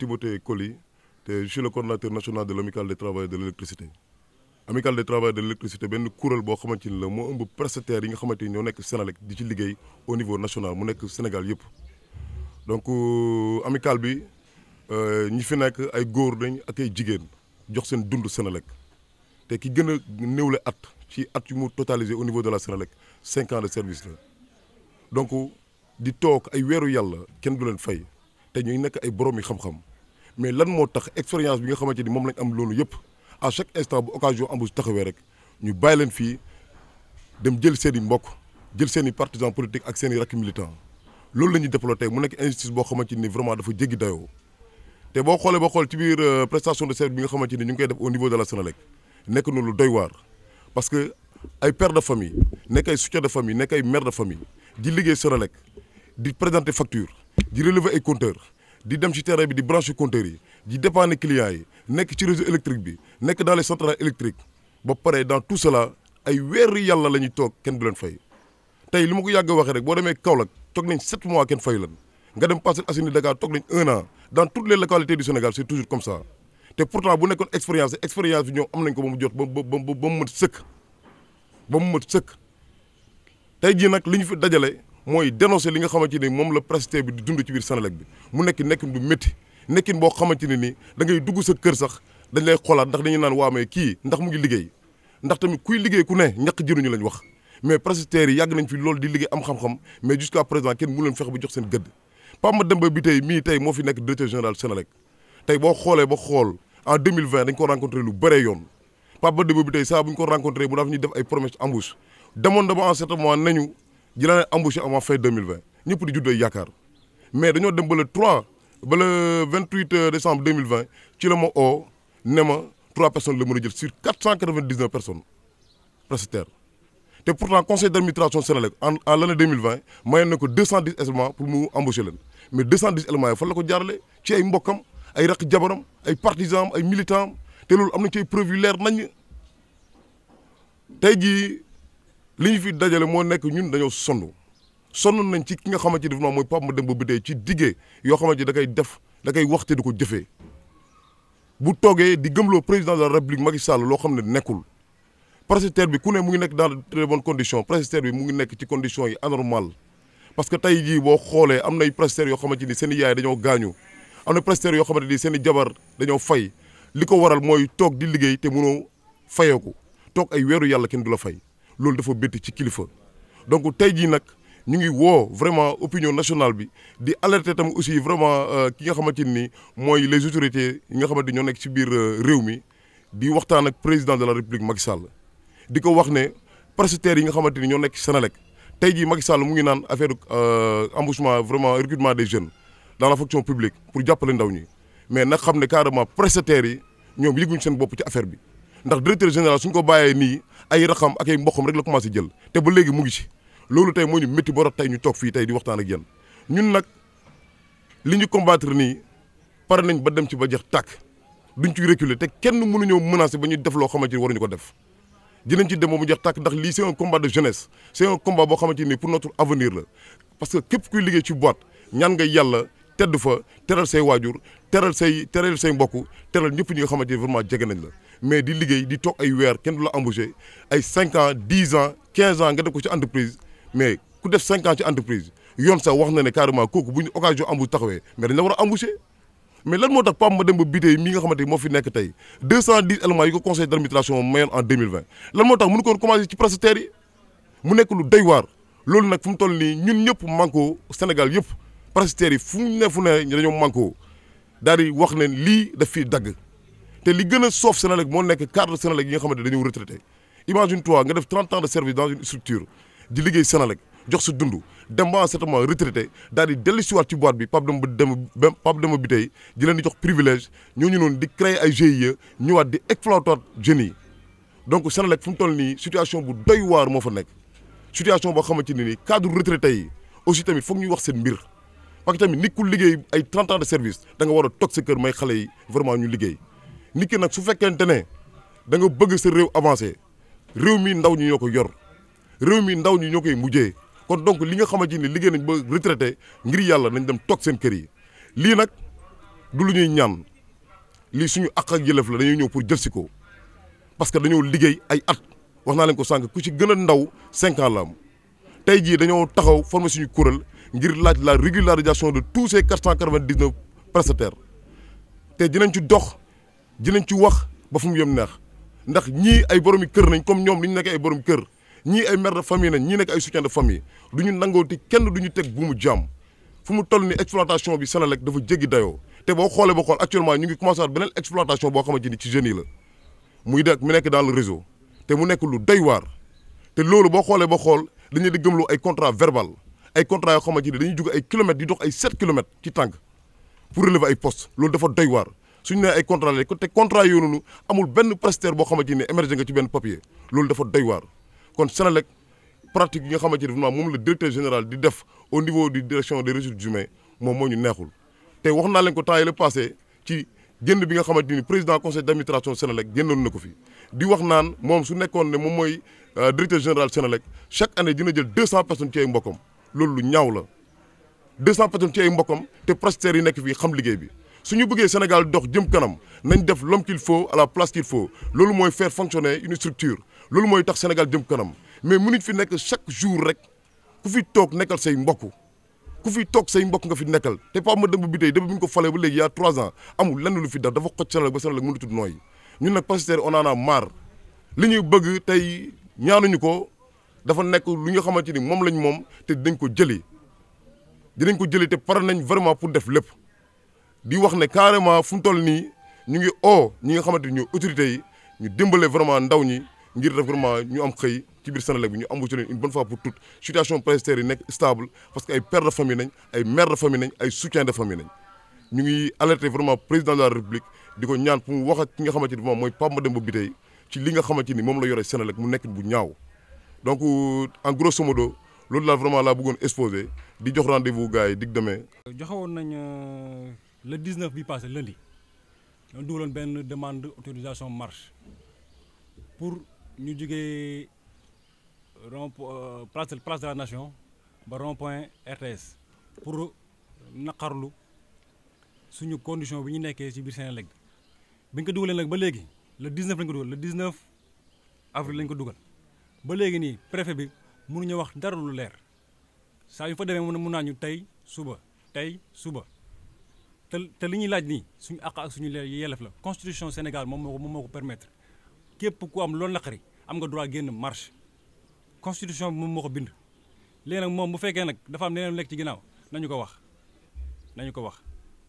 Timothée Colli te je suis le national de l'amicale des travailleurs de l'électricité amicale des travailleurs de l'électricité benn kuréel boo xamante ni la moo ëmb prestataires yi nga xamante ni ñoo nekk Senelec di ci liggéey au niveau national mu nekk Sénégal yëpp donc euh, amicale bi euh, ñi fi nekk ay góor dañ ak ay jigéen jox seen dund Senelec te ki gën a néewle at ci at yu mu totalisé au niveau de la Senelec cinq ans de service la donc di toog ay weeru yàlla kenn du leen fay te ñuy nekk ay borom yi mais lan moo tax expérience bi nga xamante ni moom lañ am loolu yëpp à chaque instant bu occasion embauche taxawee rek ñu bàyyi leen fii dem jël seen i mbokk jël seen i partisans politiques ak seen i rakk militants loolu la ñuy développé mu nekk injustice boo xamante ni vraiment dafa jéggi dayoo te boo xoolee ba xool ci biir euh, prestation de service bi nga xamante ni ñu ngi koy def au niveau de la Sénélec nekk na lu doy waar parce que ay père de famille nekk ay soutien de famille nekk ay mère de famille di liggéey Sénélec di présenter facture di relever ay compteurs di dem ci terrain bi di brancher compteur yi di dépanner clients yi nekk ci réseau électrique bi nekk dans les centrales électriques ba pare dans tout cela ay weer yàlla la ñuy toog kenn du leen fay tey li ma ko yàgg a waxee rek boo demee Kaolack toog nañ 7 mois kenn fay leen nga dem Parcelles Assainies Dakar toog nañ 1 an dans toutes les localités du Sénégal c'est toujours comme ça te pourtant bu nekkoon expérience expérience bi ñoom am nañ ko ba mu jot ba ba ba mu mët sëkk ba mu mët sëkk tey jii nag li ñu fi dajale. mooy dénoncer li nga xamante ni moom la presté bi di dund ci biir Senelec bi mu nekk nekkin bu métti nekkin boo xamante ne ni da ngay dugg sa kër sax dañ lay xoolaat ndax dañuy naan waamee kii ndax mu ngi liggéey ndax tamit kuy liggéey ku ne ñàkk jëriñu lañu wax mais prestataires yi yàgg nañ fi loolu di liggéey am xam-xam mais jusqu'à présent kenn mënu leen fexe ba jox seen gëdd Pape Mademba bi tey mii tey moo fi nekk directeur général Senelec tey boo xoolee ba xool en 2020 dañ ko lu bëree yoon Pape Mademba bi tey saa bu ñu ko rencontré bu ay promesse embauche demoon na ba di la embauché avant fin 2020 ñëpp di juddoo yaakaar mais dañoo dem ba le 3 ba le 28 décembre 2020 ci la ma oo ne ma 3 personnes la mën a jël sur 499 personnes prestataires te pourtant conseil d' administration Senelec en en l' année 2020 mayoon ko 210 éléments pour mu embaucher leen mais 210 éléments yi fan la ko jaarale ci ay mbokkam ay raq jabaram ay partisans ay militants te loolu am nañ ci ay preuve yu leer nañ tey li ñu fi dajale moo nekk ñun dañoo sonn sonn nañ ci ki nga xamante ni mooy Pape Mademba dee ci diggee yoo xamante da koy def da koy waxte di ko jëfee bu toogee di gëm loo président de la république Macky loo xam ne nekkul prestataire bi ku ne mu ngi nekk daal de très bonnes conditions bi mu ngi nekk ci condition yi anormal parce que tey jii boo xoolee am nay prestataires yoo xamante ni seen i yaay dañoo gaañu am na prestataires yoo xamante ni seen i jabar dañoo fay li ko waral mooy toog di liggéey te mënoo fayeeku toog ay weeru yàlla kenn du la fay loolu dafa bett ci kilifa donc tey jii nag ñu ngi woo vraiment opinion nationale bi di alerter tam aussi vraiment euh, ki nga xamante ni mooy les autorités yi nga xamante ñoo nekk ci biir euh, réew mi di waxtaan ak président de la république Macky Sall di ko wax ne prestataires yi nga xamante ni ñoo nekk Senelec tey ji Macky Sall mu ngi naan affaire euh, embauchement vraiment recrutement des jeunes dans la fonction publique pour jàppale ndaw ñi mais na xam ne carrément prestataires yi ñoom yëguñ seen bopp ci affaire bi ndax directeur général suñ ko bàyyee nii ay raxam ak ay mboqam rek la commencé jël te ba léegi mu ngi ci loolu tey moo ñu métti ba rot tey ñu toog fii tey di waxtaan ak yéen ñun nag li ñu combatre nii pare nañ ba dem ci ba jeex tàkk duñ ci reculer te kenn mënuñoo menacer ba ñu def loo xamante ni waruñu ko def dinañ ci dem ba mu jeex tàkk ndax lii c'est un combat de jeunesse c'est un combat boo xamante ni pour notre avenir la parce que képp kuy liggéey ci boîte ñaan nga yàlla tedd fa teral say waajur teral say teral say mbokk teral ñëpp ñi nga xamante ni vraiment jege nañ la mais di liggéey di toog ay weer kenn du la embauché ay 5 ans 10 ans 15 ans nga def ko ci entreprise mais ku def 5 ans ci entreprise yoon sax wax na ne carrément kooku bu ñu occasion embauche taxawee mais dañ la war a embauché mais lan moo tax Pape ba Bitèye mi nga xamante moo fi nekk tey 210 éléments yi ko conseil d' administration mayoon en 2020 lan moo tax mënu ko woon commencé ci prestataires yi mu nekk lu doy waar loolu nag fu mu toll nii ñun ñëpp manko Sénégal yëpp prestataires yi fu mu ne fu ne dañoo manko daal di wax ne lii daf dagg. te li gën a soof Senelec moo nekk cadre Senelec yi nga xamante dañoo retraité imagine toi nga def 30 ans de service dans une structure di liggéey Senelec jox sa dund dem ba certainement retraité daal di dellu siwaat ci boîte bi Pape Demba dem Pape Demba bi tey di jox di jox privilège ñooñu noonu di créer ay GIE ñëwaat di exploiter jeunes yi donc Senelec fu mu toll nii situation bu doy waar moo fa nekk situation boo xamante ne nii cadre retraité yi aussi tamit foog ñuy wax seen mbir parce que tamit ku liggéey ay 30 ans de da nga war a toog sa kër may xale yi vraiment ñu liggéey nit ki nag su fekkente ne da bëgg sa réew avancé réew mii ndaw ñi ñoo ko yor réew mi ndaw ñi ñoo koy mujjee kon donc li nga xamante ni liggéey nañ ba retraité ngir yàlla nañ dem toog seen kër yi lii nag du lu ñuy ñaan lii suñu àq ak yelef la dañuy ñëw pour jël si ko parce que dañoo liggéey ay at wax naa leen ko sànq ku ci gën a ndaw cinq ans la am tey jii dañoo taxaw former suñu kuréel ngir laaj la régularisation de tous ces quatre cent quatre-vingt-dix-neuf prestataires te dinañ ci dox. dinañ ci wax ba fu mu yem neex ndax ñii ay boromi kër nañ comme ñoom li ñu nekk ay boromi kër ñii ay mère na famille nañ ñii nekk ay soutien de famille du ñu nangooti kenn du ñu teg bu mu jàmm fu mu toll ni exploitation bi Senelec dafa jéggi dayoo te boo xoolee ba xool actuellement ñu ngi commencé waat beneen exploitation boo xamante ni ci jeunes la muy dek mu nekk dans le réseau te mu nekk lu doy waar te loolu boo xoolee ba xool dañuy di gëmloo ay contrat verbal ay contrat yoo xamante ni dañuy jóg ay kilomètres di dox ay 7 kilomètres ci tànk pour relever ay postes loolu dafa doy suñu nee ay contrat ko te contrat yooyu noonu amul benn prestataire boo xamante ne émergé nga ci benn papier loolu dafa doy waar kon Senelec pratique yi nga xamante ne vraiment moom la directeur général di def au niveau du direction des ressources humaines moo ñu neexul te wax naa leen ko temps yi la passé ci génn bi nga xamante ni président conseil d' administration Senelec génnoon na ko fi di wax naan moom su nekkoon ne moom mooy euh, directeur général Senelec chaque année dina jël deux cent personnes ci ay mbokkam loolu lu ñaaw la deux cent personnes mbokkam te prestataires yi nekk fii xam liggéey bi su ñu bëggee Sénégal dox jëm kanam nañ def l'homme qu'il faut à la place qu'il faut loolu mooy faire fonctionner une structure loolu mooy tax Sénégal jëm kanam mais mënuñ fi nekk chaque jour rek ku fi toog nekkal say mbokk ku fi toog say mbokk nga fi nekkal te Pape Mademba Bitèye depuis bi ñu ko falee ba léegi y a trois ans amul lenn lu fi def dafa xoj Sénégal ba Sénégal mënatul nooy ñun nag Pastef on en li ñuy bëgg tey ñaanuñu ko dafa nekk lu nga xamante ni moom lañ moom te dañ ko jëli dinañ ko jëli te pare nañ vraiment pour def lépp di wax ne carrément fu mu toll nii ñu ngi o ñi nga xamante ni ñoo autorités yi ñu dimbale vraiment ndaw ñi ngir def vraiment ñu am xëy ci biir Senelec bi ñu embauché leen une bonne fois pour toutes yi nekk stable parce que ay pères de famille nañ ay de famille ñu ngi alerte vraiment président de la république di ko ñaan pour mu wax ki nga xamante ni moom mooy Pape Mademba Bitèye ci li nga xamante ni moom la yore Senelec mu nekk bu ñaaw donc en grosso modo loolu daal vraiment laa bëggoon exposé di jox rendez-vous gars yi dig demee. joxewoon nañ. Euh, le 19 bi passé lundi ñoo dugaloon benn demande autorisation marche pour ñu jugee rond euh, place place de la nation ba rond point RTS pour naqarlu suñu condition bi ñu nekkee ci biir Senelec bi ñu ko dugalee nag ba léegi le 19 lañ ko dugal le 19 avril lañ ko dugal ba léegi nii préfet bi munu mënuñu wax dara lu leer saa yu fa demee mun naa ñu tey suba tey suba. te te li ñuy laaj nii suñu àq ak suñu yelef la constitution Sénégal moom moo ko moom moo ko permettre képp ku am loolu naqari am nga droit génn marche constitution moom moo ko bind. léegi nag moom bu fekkee nag dafa am leneen nekk ci ginnaaw nañu ko wax nañu ko wax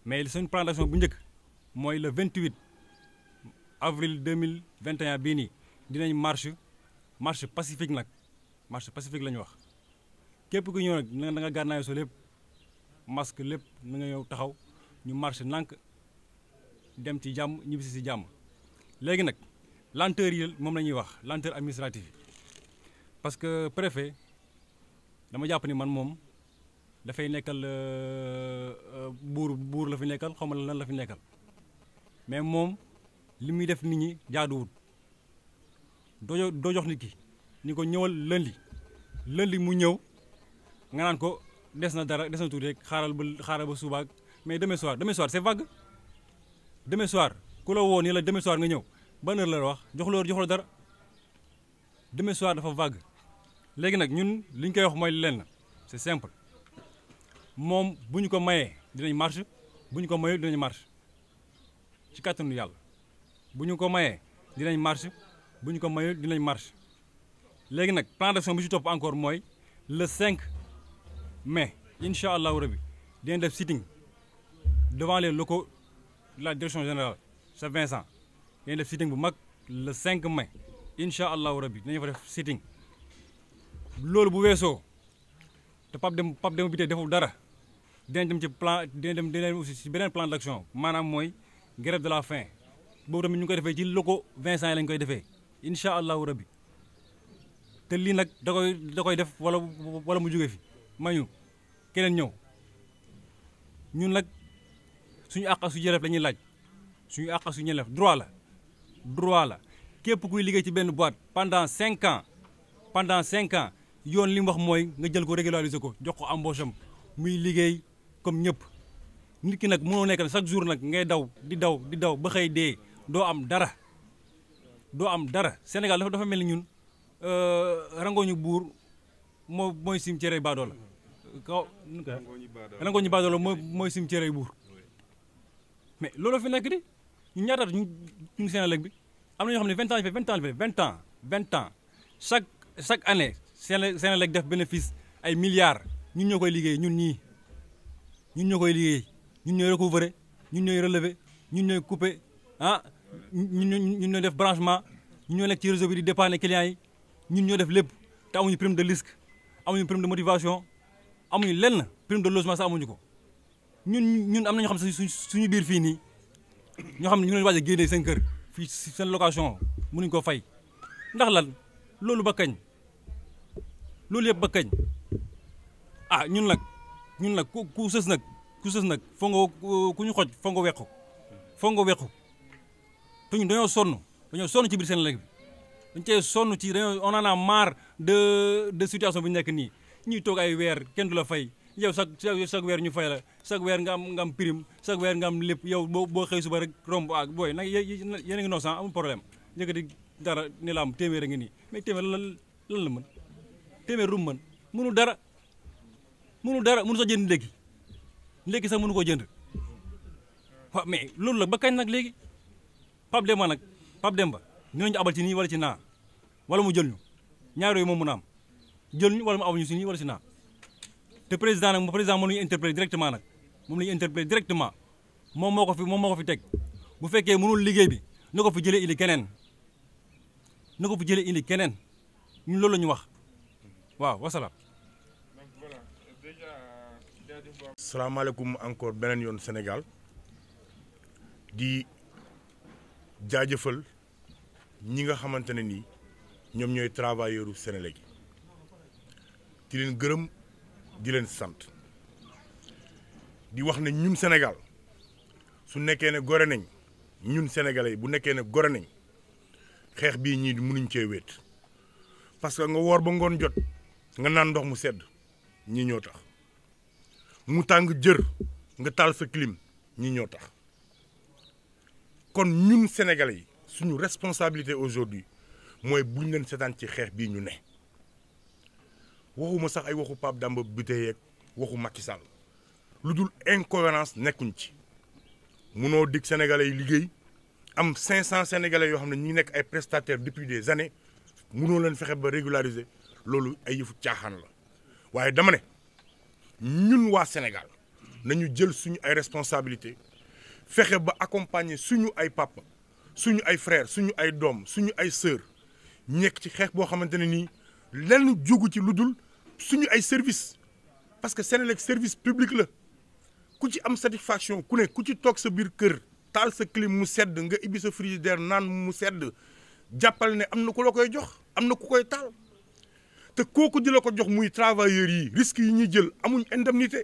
mais suñu plan d'action bu njëkk mooy le 28 avril 2021 bii nii dinañ marche marche pacifique nag marche pacifique la ñu wax képp ku ñëw nag na nga gànnaayoo sa lépp masque lépp na nga ñëw taxaw. ñu marché nànk dem ci jàmm ñibbisi si jàmm léegi nag lenteur yi moom la ñuy wax lenteur administrative yi parce que préfet dama jàpp ni man moom dafay nekkal euh, euh, buur buur la fi nekkal xaw ma lan la fi nekkal mais moom li muy def nit ñi jaaduwut doo doo jox nit ki ni ko ñëwal lundi lundi mu ñëw nga naan ko des na dara des na tuuti rek xaaral ba xaaral ba subaak mais demain soir demain soir c'est vague demain soir ku la woon nii la demain soir nga ñëw ba heure la wax jox la jox dara demain soir dafa vague léegi nag ñun li ñu koy wax mooy lenn c'est simple moom bu ñu ko mayee dinañ marche bu ñu ko mayee dinañ marche ci kàttanu yàlla bu ñu ko mayee dinañ marche bu ñu ko mayee dinañ marche léegi nag plan d'action bi ci topp encore mooy le cinq mais incha allahu rabi dinañ def sitting devant les locaux de la direction générale chez Vincent dañuy def sitting bu mag la cinq mai incha allahu rabi dañu fa def sitting loolu bu weesoo te Pape Demba Pape bi Bitèye deful dara dinañ dem ci plan dinañ dem dinañ aussi ci beneen plan d'action maanaam mooy grève de la fin boobu tamit ñu ngi koy defee ci locaux Vincent yi lañ koy defee incha allahu rabi te lii nag da koy da koy def wala wala mu jóge fi mañu keneen ñëw ñun nag. suñu àq ak suñu yelleef laaj suñu àq ak suñu yelleef droit la droit la képp kuy liggéey ci benn boîte pendant cinq ans pendant cinq ans yoon li mu wax mooy nga jël ko régulariser ko jox ko embauche am muy liggéey comme ñëpp nit ki nag mënoo nekk chaque jour nag ngay daw di daw di daw ba xëy dee doo am dara doo am dara Sénégal dafa dafa mel ni ñun euh, rangooñu buur moo mooy cimetière baadoo la kaw rangooñu baadoo la mooy mooy cimetière buur mais loolu fi nekk di ñu ñaata ñu ñu Senelec bi am na ñoo xam ne vingt ans vingt ans vingt ans vingt ans chaque chaque année Senelec def bénéfice ay milliards ñun ñoo koy liggéey ñun ñii ñun ñoo koy liggéey ñun ñooy recouvrer ñun ñooy relever ñun ñooy couper ah ñun ñun ñooy def branchement ñun ñoo nekk ci réseau bi di dépanner clients yi ñun ñoo def lépp te amuñu prime de risque amuñu prime de motivation amuñu lenn prime de logement sax amuñu ko. ñun ñun am na ñoo xam su suñu biir fii nii ñoo xam ne ñu leen waaj a génne seen kër fii seen location mënuñ ko fay ndax lan loolu ba kañ loolu yëpp ba kañ ah ñun nag ñun nag ku ku sës nag ku sës nag foo nga ku ñu xoj foo nga wequ foo nga te ñun dañoo sonn dañoo sonn ci biir seen lekk bi dañ cee sonn ci dañoo on en a marre de de situation bi nekk nii ñuy toog ay weer kenn du la fay yow chaque chaque weer ñu fay la chaque weer nga am nga am prime chaque weer nga am lépp yow boo boo xëy suba rek romb ak booy nag yéen a ngi noo amul problème yëkkati dara ni la am téeméer a ngi nii mais téeméer lan la mën téeméer rum mën mënu dara mënu dara mënu sa jënd ndékki ndékki sax mënu koo jënd waaw mais loolu la ba kañ nag léegi Pape Demba nag Pape Demba ñooñu abal ci nii wala ci naa wala mu jël ñu ñaar yooyu moom mun a am jël ñu wala mu abal ñu si nii wala si naa te président nag président moom la ñu interpellé directement nag moom la ñu interpellé directement moom moo ko fi moom moo ko fi teg bu fekkee mënul liggéey bi na ko fi jëlee indi keneen na ko fi jëlee indi keneen ñun loolu la ñu wax waaw wasalaam. salaamaaleykum encore beneen yoon Sénégal di jaajëfal ñi nga xamante ne nii ñoom ñooy travailleur u Sénélec yi gërëm. di leen sant di wax ne ñun Sénégal su nekkee ne gore nañ ñun yi bu nekkee ne gore nañ xeex bii ñii di mënuñ cee wéet parce que nga woor ba ngoon jot nga naan ndox mu sedd ñi ñoo tax mu tàng jër nga taal sa clim ñi ñoo tax kon ñun senegale yi suñu responsabilité aujourd'hui mooy buñ leen seetaan ci xeex bii ñu ne waxuma sax ay waxu Pape Demba Bitèye yeeg waxu Macky Sall lu dul incohérence nekkuñ ci munoo dig sénégalais yi liggéey am 500 sénégalais yoo xam ne ñu nekk ay prestataires depuis des années munoo leen fexe ba régulariser loolu ay yëfu caaxaan la waaye dama ne ñun waa Sénégal nañu jël suñu ay responsabilité fexe ba accompagner suñu ay papp suñu ay frères suñu ay doom suñu ay sœurs ñekk ci xeex boo xamante ne nii. lenn jógu ci lu dul suñu ay service parce que Senelec service public la ku ci am satisfaction ku ne ku ci toog sa biir kër taal sa clim mu sedd nga ibbi sa frigidaire naan mu sedd jàppal ne am na ku la koy jox am na ku koy taal te kooku di la ko jox muy travailleurs yi risques yi ñuy jël amuñ indemnité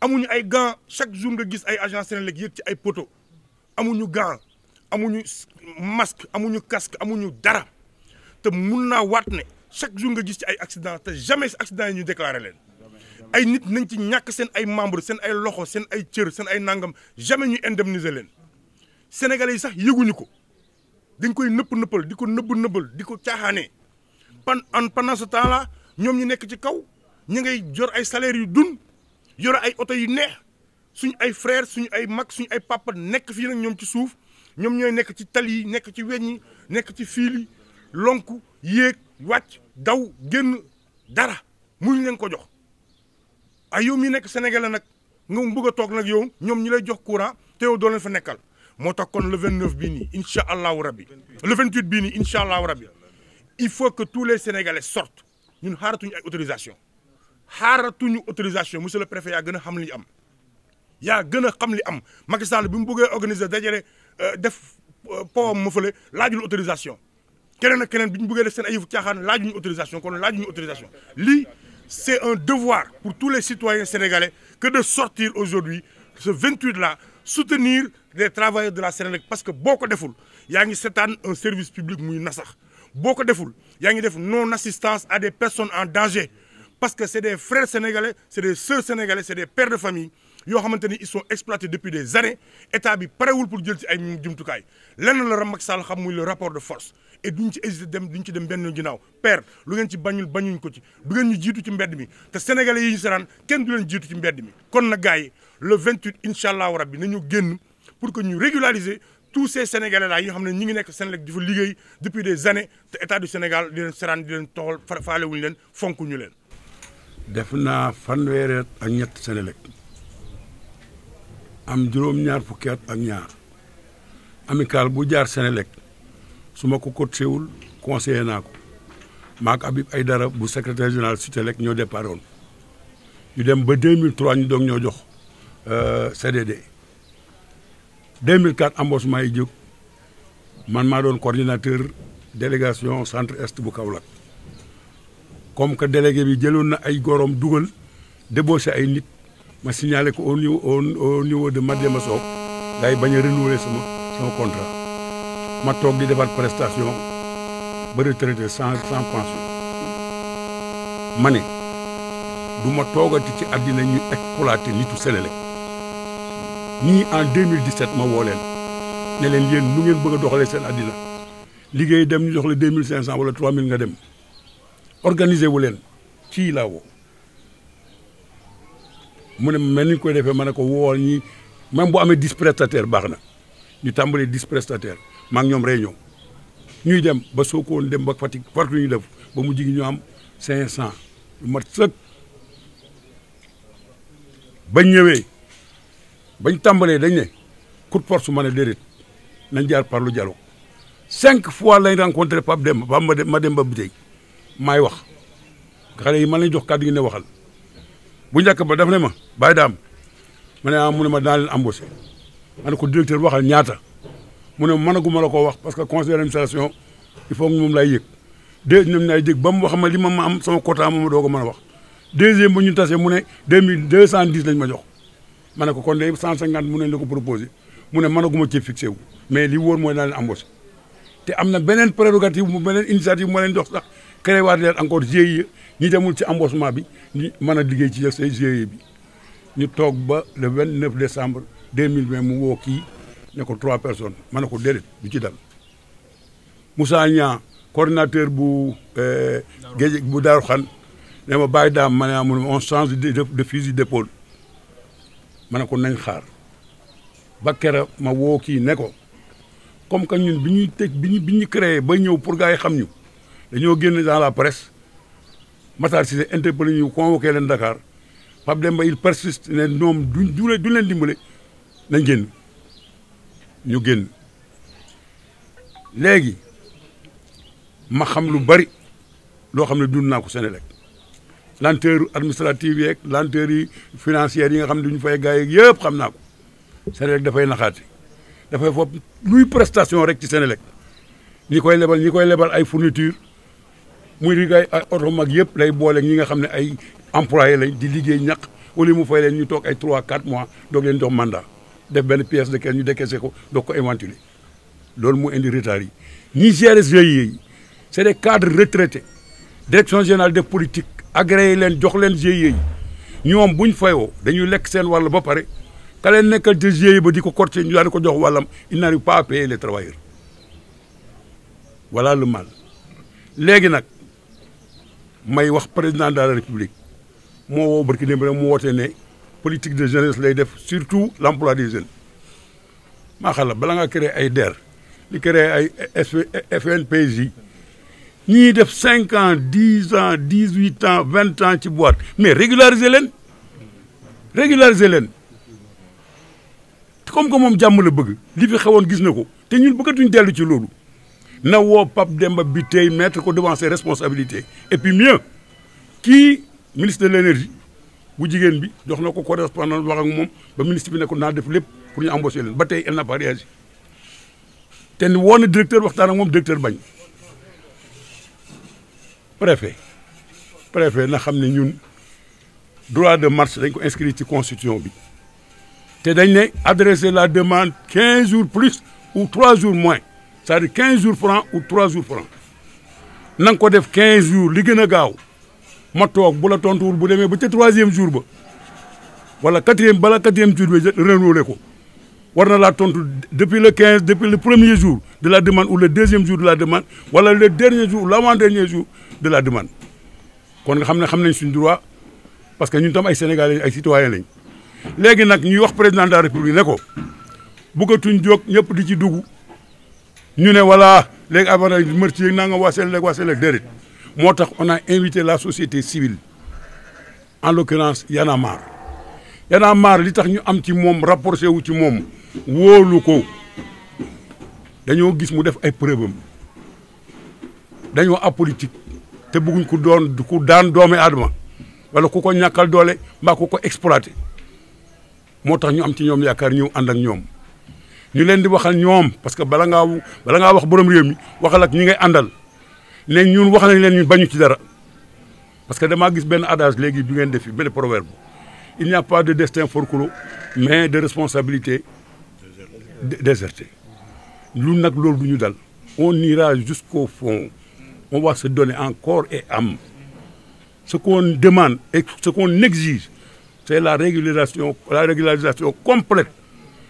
amuñu ay gants chaque jour nga gis ay agents Senelec yéeg ci ay poto amuñu gants amuñu masque amuñu casque amuñu dara te mun naa waat ne chaque jour nga gis ci ay accident te jamais accident yi ñu déclaré leen ay nit nañ ci ñàkk seen ay membres seen ay loxo seen ay cër seen ay nangam jamais ñu indemniser leen sénégalais yi sax yëguñu ko dañ koy nëpp nëppal di ko nëbb nëbbal di ko caaxaanee pan en pendant ce temps ñoom ñu nekk ci kaw ñu ngay jor ay salaires yu dun yore ay oto yu neex suñ ay frères suñu ay mag suñu ay papa nekk fii nag ñoom ci suuf ñoom ñooy nekk ci tali yi nekk ci weñ yi nekk ci fiil yi yéeg wàcc daw génn dara muñ leen ko jox ay yow mi nekk sénégalais nag nga bëgg toog nag yow ñoom ñi lay jox courant te yow doo leen fa nekkal moo tax kon le 29 bii nii incha allahu rabbi le 28 bii nii incha allahu rabbi il faut que tous les sénégalais sortent ñun xaaratuñu ay autorisation xaaratuñu autorisation monsieur le préfet yaa gën a xam li am. yaa gën a xam li am Macky Sall bi mu bëggee organiser dajale euh, def euh, powam ma fële laajul autorisation. keneen ak keneen bi ñu bëggee def seen ay yëfu caaxaan laaj ñu autorisation kon laaj ñu autorisation lii c'est un devoir pour tous les citoyens sénégalais que de sortir aujourd'hui ce 28 là soutenir des travailleurs de la Sénélec parce que boo ko deful yaa ngi seetaan un service public muy nasax boo ko deful yaa ngi def non assistance à des personnes en danger parce que c'est des frères sénégalais c'est des sœurs sénégalais c'est des pères de xamante ni ils sont exploités depuis des années état bi parewul jël ci ay jumtukaay lenn la Macky Sall xam muy le rapport et duñ ci hésité dem duñ ci dem benn ginnaaw père lu ngeen ci bañul bañuñ ko ci du ngeen ñu jiitu ci mbedd mi te sénégalais yi ñu saraan kenn du leen jiitu ci mbedd mi kon na gars yi le 28 incha allahu na ñu génn pour que ñu régulariser tu ces sénégalais là yi nga xam ne ñu ngi nekk Sénégal di fa liggéey depuis de années te état du Sénégal di leen saraan di leen toxal faalewuñu leen ñu leen def naa fanweeri ak ñett Sénégal am juróom-ñaar fukki at ak ñaar amical bu jaar Sénélec su ma ko coaché wul conseillé naa ko maak Habib Aïdara bu secrétaire général Sutelec ñoo départ woon ñu dem ba 2003 ñu doog ñoo jox euh, CDD 2004 embauchement yi jóg man maa doon coordinateur délégation centre est bu Kaolack comme que délégué bi jëloon na ay gorom dugal débauché ay nit ma signalé ko au niveau au niveau de Madiama Sow ngay bañ a renouveler sama sama contrat. ma toog di defar prestation ba retraité cent sans pension ma ne du ma ti ci àddina ñu exploité nitu Senelec ñii en 2017 ma woo leen ne leen yéen nu ngeen bëgg a doxalee seen àddina liggéey dem ñu jox la 2500 wala 3000 nga dem organiser wu leen ci laa woo mu ne mel ni ñu koy defee ma ne ko woo ñi même bu amee 10 prestataires baax na. ñu tàmbalee dix prestataires maa ngi ñoom réunion ñuy dem ba Sokone dem ba Fatick partout ñu def ba mu jigi ñu am cinq cent lu mat sëkk bañ ñëwee bañ tàmbalee dañ ne coup de force ma ne déedéet nañ jaar par le dialogue cinq fois lañ rencontré Pape Demba ba ma dem ba Biteye maay wax xale yi man lañ jox kàddu gi ne waxal bu njëkk ba daf ne ma bàyyi daam ma ne ah mu ne ma daan leen ma ne ko directeur waxal ñaata mu ne mënaguma la koo wax parce que conseil d'administration il faut moom laay yëg deuxième laay yëg ba mu wax ma li ma ma am sama quota moom doo ko mën a wax deuxième bu ñu tasee mu ne deux mille deux cent dix lañ ma jox ma ne ko kon de cent cinquante mun nañ la ko proposé mu ne mënaguma ci fixé wu mais li wóor mooy naa leen embauché te am na beneen prérogative mu beneen initiative moo leen jox sax créé waat leen encore GIE ñi demul ci embauchement bi ñu mën a liggéey ci GIE bi ñu toog ba le vingt neuf décembre 2020 mu woo kii ne trois personnes mane ne ko déedéet du ci dal Moussa Niang coordinateur bu euh, géej bu Daaru Xan ne ma bàyyi daam ma ne mun on change de fusil d'épaule ma ne ko nañ xaar ba kera ma woo kii ne ko comme que ñun bi ñuy tëj bi ñu bi ñu créé ba ñëw pour gars yi xam ñu dañoo génn dans la presse Matar Cissé interpellé ñu convoqué leen Dakar Pape Demba il persiste ne ñoom duñ du leen dimbale nañ génn ñu génn léegi ma xam lu bari loo xam ne dund naa ko Senelec lenteur administrative yeeg lenteur yi financière yi nga xam ne duñu fay gars yeeg yëpp xam naa ko Senelec dafay naxaate dafay foop luy prestation rek ci Senelec ni koy lebal ñi koy lebal ay fourniture muy rig ay oto mag yëpp lay booleeg ñi nga xam ne ay employé lañ di liggéey ñaq wala mu fay leen ñu toog ay 3 4 mois doog leen jox mandat def benn pièce de caisse ñu décaissé ko doog ko éventuler loolu moo indi retard yi ñi gérer GIE yi c' est des cadres direction générale des politiques agréé leen jox leen GIE yi ñoom buñ fayoo dañuy lekk seen wàll ba pare ka leen nekkal te GIE ba di ko corté ñu daal di ko jox wàllam il n'arrive pas à payer le mal léegi nag may wax président de la république moo woo barki démb rek mu wootee ne politique de jeunesse lay def surtout l' emploi des jeunes maa xam la bala ngaa créer ay DER li créer ay FNPJ ñii def cinq ans dix ans dix huit ans vingt ans ci boîte mais régulariser leen régulariser leen comme que moom jàmm la bëgg li fi xewoon gis na ko te ñun bëggatuñ dellu ci loolu na woo Pape Demba bi tey mettre ko devant responsabilité et puis mieux kii ministre de l' énergie bu jigéen bi jox na ko correspondant wax ak moom ba ministre bi ne ko naa def lépp pour ñu embaucher leen ba tey elle n'a pas réagi te ni na directeur waxtaan ak moom directeur bañ préfet préfet na xam ne ñun droit de marche dañ ko inscrit ci constitution bi te dañ ne adresser la demande quinze jours plus ou trois jours moins cest quinze jours francs ou trois jours francs na nga ko def quinze jours li gën a gaaw ma toog bu la tontuwul bu demee ba ca troisième jour ba wala quatrième bala quatrième jour bi renouvelé ko war na laa tontu depuis le quinze depuis le premier jour de la demande ou le deuxième jour de la demande le dernier jour ou l'avant dernier jour de la demande kon nga xam ne xam nañ suñu droit parce que ñun tam ay sénégalais ay citoyens lañ léegi nag ñuy wax président de la république ne ko bëggatuñ jóg ñëpp di ci dugg ñu ne voilà léegi avant mërti yéeg naa nga waa seen léeg waa moo tax on invité la société civile en l'occurrence Y'en a marre Y'en li tax ñu am ci moom rapproché wu ci moom woolu ko dañoo gis mu def ay preuve am dañoo apolitique te bëgguñ ku doon ku daan doomi aadama wala ku ko ñàkkal doole mbaa ko exploité moo tax ñu am ci ñoom yaakaar ñëw ànd ak ñoom ñu leen di waxal ñoom parce que bala ngaa bala ngaa wax borom réew mi waxal ñi ngay àndal ne ñun wax nañ leen ñun bañu ci dara parce que damaa gis benn adage léegi bi ngeen def fi benn proverbe il n'y a pas de destin forclos mais de responsabilité désertée lu nag loolu du ñu dal on ira jusqu'au fond on va se donner en corps et am ce qu'on demande et ce qu'on exige c'est la régularisation la régularisation complète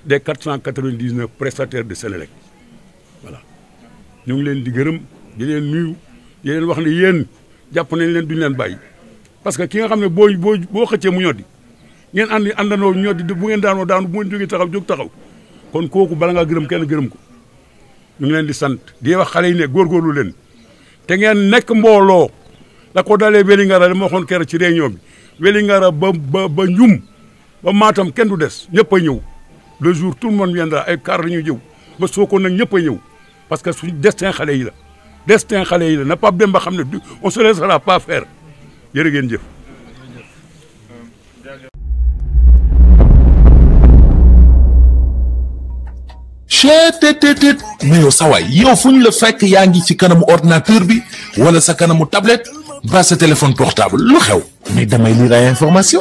des 499 prestataires de Sénélec voilà ñu ngi leen di gërëm di leen nuyu di leen wax ne yéen jàpp nañ leen duñ leen bàyyi parce que ki nga xam ne boo boo boo xëccee mu ñoddi ngeen ànd àndandoo ñoddi bu ngeen daanoo daanu bu ngeen jógee taxaw jóg taxaw kon kooku bala ngaa gërëm kenn gërëm ko ñu ngi leen di sant di wax xale yi ne góorgóorlu leen te ngeen nekk mbooloo la ko dalee Vélingara li ma waxoon keroog ci réunion bi Vélingara ba ba ba Ndioum ba Matam kenn du des ñëpp a ñëw le jour tout le monde viendra ay car la ñuy jëw ba Sokone nag ñëpp a ñëw parce que suñu destin xale yi la destin xale yi la na Pape Demba xam ne du on se laissera pas faire jërë ngeen jëf. chetttt mais yow sa waay yow fu la fekk yaa ngi ci kanamu ordinateur bi wala sa kanamu tablet ba sa téléphone portable lu xew mais damay lire ay information